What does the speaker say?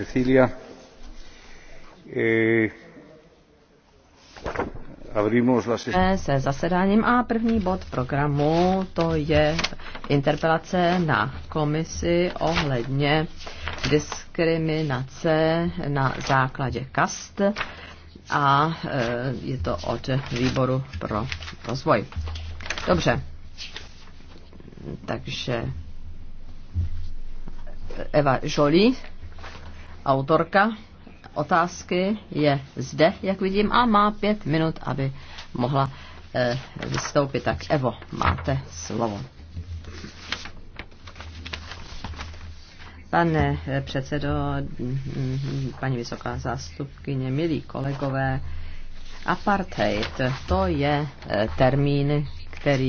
Cecilia. Eh, eh, se zasedáním a první bod programu to je interpelace na komisi ohledně diskriminace na základě kast a eh, je to od výboru pro rozvoj. Dobře, takže Eva Jolie Autorka otázky je zde, jak vidím, a má pět minut, aby mohla eh, vystoupit. Tak Evo, máte slovo. Pane eh, předsedo, mm, paní vysoká zástupkyně, milí kolegové, apartheid, to je eh, termín, který